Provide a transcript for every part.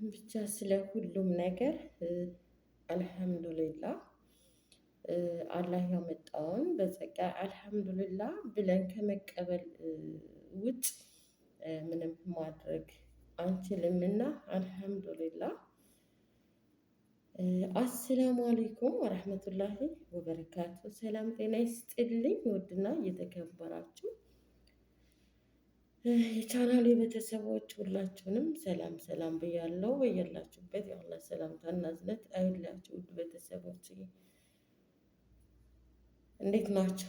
ብቻ ስለ ሁሉም ነገር አልሐምዱሊላ አላህ ያመጣውን በጸጋ አልሐምዱሊላ ብለን ከመቀበል ውጭ ምንም ማድረግ አንችልምና አልሐምዱሊላ። አሰላሙ አሌይኩም ወረህመቱላሂ ወበረካቱ። ሰላም ጤና ይስጥልኝ። ውድና እየተከበራችሁ የቻናሉ ቤተሰቦች ሁላችሁንም ሰላም ሰላም ብያለው። በያላችሁበት የአላ ሰላምታና እዝነት አይላችሁ። ውድ ቤተሰቦች እንዴት ናችሁ?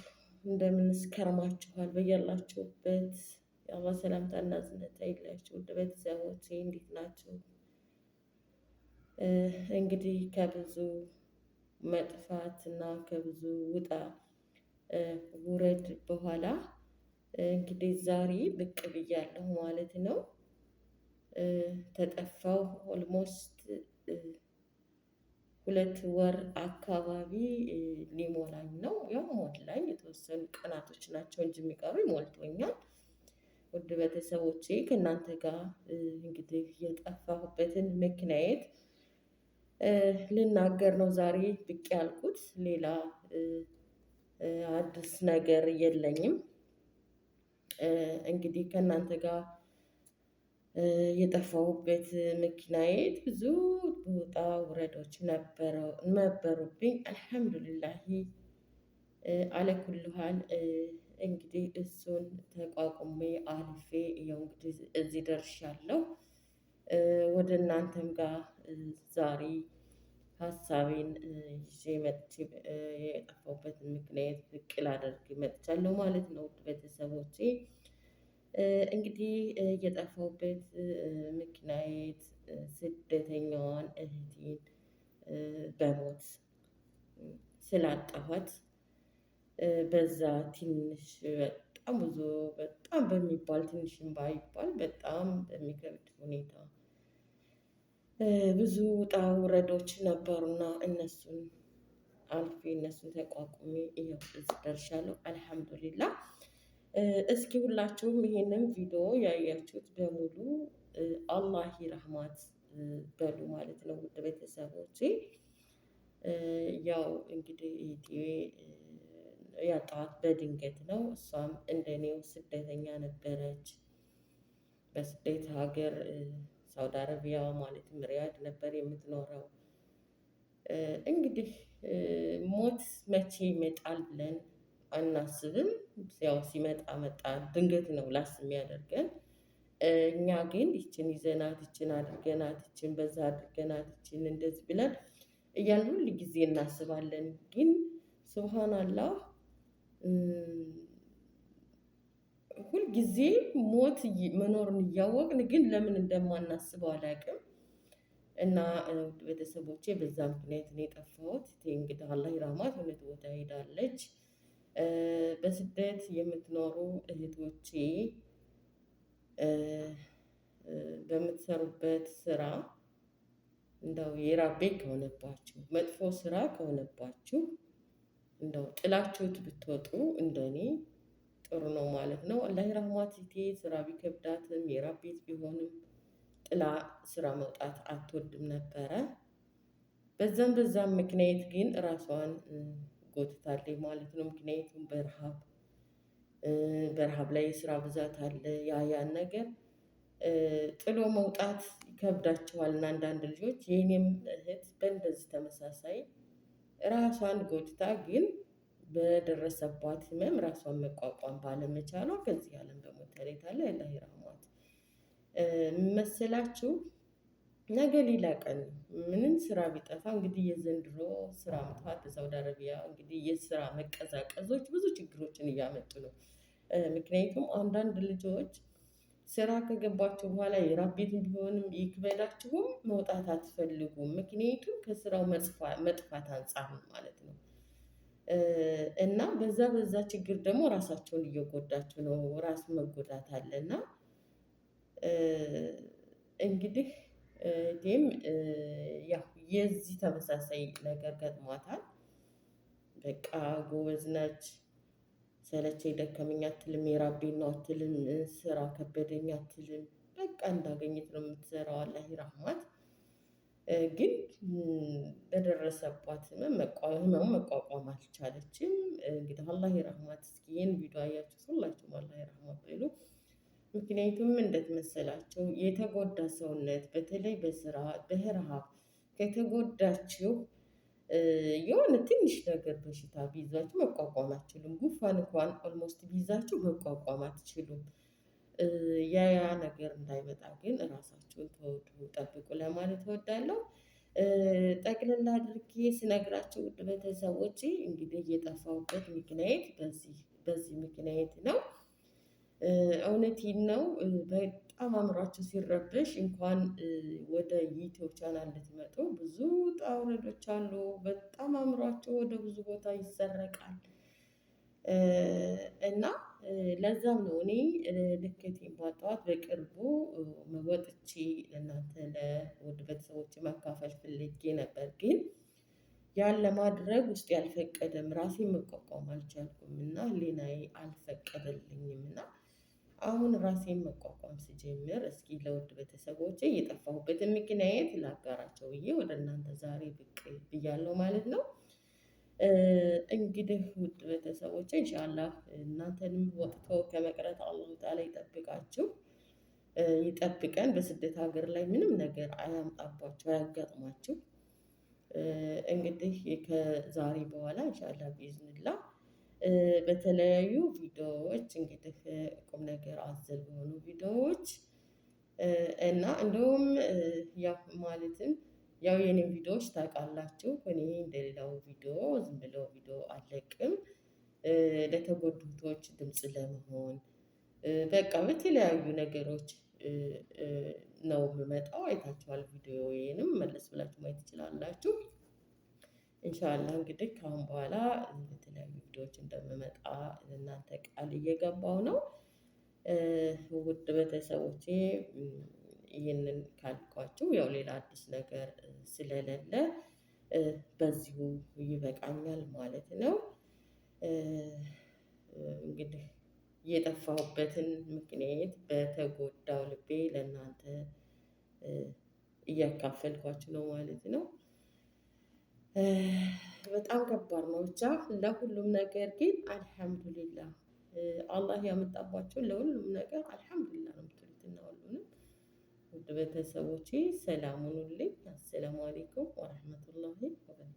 እንደምንስከርማችኋል? በያላችሁበት የአላ ሰላምታና እዝነት አይላችሁ። ውድ ቤተሰቦች እንዴት ናችሁ? እንግዲህ ከብዙ መጥፋት እና ከብዙ ውጣ ውረድ በኋላ እንግዲህ ዛሬ ብቅ ብያለሁ ማለት ነው። ተጠፋው ኦልሞስት ሁለት ወር አካባቢ ሊሞላኝ ነው። ያው ሞላኝ፣ የተወሰኑ ቀናቶች ናቸው እንጂ የሚቀሩ ይሞልቶኛል። ውድ ቤተሰቦቼ ከእናንተ ጋር እንግዲህ የጠፋሁበትን ምክንያት ልናገር ነው ዛሬ ብቅ ያልኩት። ሌላ አዲስ ነገር የለኝም። እንግዲህ ከእናንተ ጋር የጠፋሁበት መኪናዬ ብዙ ውጣ ውረዶች ነበሩብኝ። አልሐምዱሊላሂ አለኩልሃል እንግዲህ እሱን ተቋቁሜ አልፌ ያው እንግዲህ እዚህ ደርሻለሁ። ወደ እናንተም ጋር ዛሬ ሀሳቤን ይዤ መጥቼ የጠፋሁበትን ምክንያት ብቅ ላደርግ መጥቻለሁ ማለት ነው። ቤተሰቦቼ እንግዲህ የጠፋሁበት ምክንያት ስደተኛዋን እህቴን በሞት ስላጣኋት በዛ ትንሽ በጣም ብዙ በጣም በሚባል ትንሽ ባይባል በጣም በሚከብድ ሁኔታ ብዙ ውጣ ውረዶች ነበሩና እነሱን አልፌ እነሱን ተቋቁሜ ይኸው እዚህ ደርሻለሁ። አልሐምዱሊላ። እስኪ ሁላችሁም ይሄንን ቪዲዮ ያያችሁት በሙሉ አላህ ረህማት በሉ ማለት ነው። ውድ ቤተሰቦች ያው እንግዲህ ያጣት በድንገት ነው። እሷም እንደኔው ስደተኛ ነበረች በስደት ሀገር ሳውዲ አረቢያ ማለትም ሪያድ ነበር የምትኖረው። እንግዲህ ሞት መቼ ይመጣል ብለን አናስብም። ያው ሲመጣ መጣ ድንገት ነው ላስ የሚያደርገን። እኛ ግን ይችን ይዘናት ይችን አድርገናት ይችን በዛ አድርገናት ይችን እንደዚህ ብለን እያን ሁል ጊዜ እናስባለን። ግን ስብሃን ስብሃናላህ ሁልጊዜ ሞት መኖሩን እያወቅን ግን ለምን እንደማናስበው አላውቅም። እና ቤተሰቦቼ በዛ ምክንያት ነው የጠፋሁት። እንግዲህ አላህ ይራማት እውነት ቦታ ሄዳለች። በስደት የምትኖሩ እህቶቼ በምትሰሩበት ስራ እንደው የራቤ ከሆነባችሁ መጥፎ ስራ ከሆነባችሁ እንደው ጥላችሁት ብትወጡ እንደኔ ጥሩ ነው ማለት ነው። አላህ ራህማት እህቴ ስራ ቢከብዳትም የራብ ቤት ቢሆንም ጥላ ስራ መውጣት አትወድም ነበረ። በዛም በዛም ምክንያት ግን ራሷን ጎትታለች ማለት ነው። ምክንያቱም በረሃብ በረሃብ ላይ የስራ ብዛት አለ። ያ ያን ነገር ጥሎ መውጣት ይከብዳቸዋል እና አንዳንድ ልጆች የእኔም እህት በእንደዚህ ተመሳሳይ ራሷን ጎትታ ግን በደረሰባት ህመም ራሷን መቋቋም ባለመቻሏ ከዚህ ዓለም በሞት ተለይታለች። አላህ ይርሐሟት። መሰላችሁ ነገ ሌላ ቀን ምንም ስራ ቢጠፋ እንግዲህ የዘንድሮ ስራ መጥፋት በሳውዲ አረቢያ እንግዲህ የስራ መቀዛቀዞች ብዙ ችግሮችን እያመጡ ነው። ምክንያቱም አንዳንድ ልጆች ስራ ከገባችሁ በኋላ የራብ ቤት ቢሆንም ይክበዳችሁም መውጣት አትፈልጉም። ምክንያቱም ከስራው መጥፋት አንጻር ማለት ነው። እና በዛ በዛ ችግር ደግሞ ራሳቸውን እየጎዳቸው ነው። ራስ መጎዳት አለ እና እንግዲህ እቴም ያው የዚህ ተመሳሳይ ነገር ገጥሟታል። በቃ ጎበዝ ናች፣ ሰለቸኝ ደከመኝ አትልም፣ የራቤን ነው አትልም፣ ስራ ከበደኝ አትልም። በቃ እንዳገኘት ነው የምትሰራው። አላህ ይራህማት። ግን በደረሰባት ህመሙ መቋቋም አልቻለችም። እንግዲህ አላህ ይርሐማት። እስኪ ይህን ቪዲዮ አያችሁ ሁላችሁም አላህ ይርሐማት በሉ። ምክንያቱም እንደትመሰላቸው የተጎዳ ሰውነት በተለይ በስራ በረሃብ ከተጎዳችው የሆነ ትንሽ ነገር በሽታ ቢይዛችሁ መቋቋም አትችሉም። ጉንፋን እንኳን ኦልሞስት ቢይዛችሁ መቋቋም አትችሉም። ያ ነገር እንዳይመጣ ግን ራሳችሁን ተወዱ፣ ጠብቁ ለማለት እወዳለሁ። ጠቅለል አድርጌ ስነግራችሁ ውድ ቤተሰቦቼ እንግዲህ የጠፋሁበት ምክንያት በዚህ ምክንያት ነው። እውነቴን ነው። በጣም አእምሯችሁ ሲረብሽ እንኳን ወደ ዩቲዩብ ቻናል እንድትመጡ ብዙ ጣውረዶች አሉ። በጣም አእምሯችሁ ወደ ብዙ ቦታ ይሰረቃል እና ለዛም ነው እኔ ልኬቴን ባጣኋት በቅርቡ ወጥቼ ለእናንተ ለውድ ቤተሰቦቼ መካፈል ፈልጌ ነበር። ግን ያን ለማድረግ ውስጥ ያልፈቀደም ራሴ መቋቋም አልቻልኩም እና ህሊናዬ አልፈቀደልኝም። እና አሁን ራሴን መቋቋም ስጀምር እስኪ ለውድ ቤተሰቦቼ የጠፋሁበትን ምክንያት ላጋራቸው ብዬ ወደ እናንተ ዛሬ ብቅ ብያለሁ ማለት ነው። እንግዲህ ውድ ቤተሰቦቼ ኢንሻአላህ እናንተንም ወጥቶ ከመቅረት አላሁ ተዓላ ይጠብቃችሁ ይጠብቀን። በስደት ሀገር ላይ ምንም ነገር አያምጣባችሁ፣ አያጋጥማችሁ። እንግዲህ ከዛሬ በኋላ እንሻላ ቢዝኒላህ በተለያዩ ቪዲዮዎች እንግዲህ ቁም ነገር አዘል በሆኑ ቪዲዮዎች እና እንደውም ያ ማለትም ያው የኔ ቪዲዮዎች ታውቃላችሁ። እኔ እንደሌላው ቪዲዮ ዝም ብለው ቪዲዮ አለቅም። ለተጎዱቶች እህቶች ድምፅ ለመሆን በቃ በተለያዩ ነገሮች ነው የምመጣው። አይታችኋል ቪዲዮዬንም መለስ ብላችሁ ማየት ትችላላችሁ። እንሻላ እንግዲህ ከአሁን በኋላ የተለያዩ ቪዲዮዎች እንደምመጣ እናንተ ቃል እየገባው ነው። ውድ ቤተሰቦቼ ይህንን ካልኳችሁ ያው ሌላ አዲስ ነገር ስለሌለ በዚሁ ይበቃኛል ማለት ነው። እንግዲህ የጠፋሁበትን ምክንያት በተጎዳው ልቤ ለእናንተ እያካፈልኳችሁ ነው ማለት ነው። በጣም ከባድ ነው። ብቻ ለሁሉም ነገር ግን አልሐምዱሊላህ አላህ ያመጣባቸው ለሁሉም ነገር አልሐምዱሊላ ነው የምትሉትና ሁሉንም ውድ ቤተሰቦቼ ሰላም ሁኑልኝ። አሰላሙ አሌይኩም ወረህመቱላሂ ወበረካቱ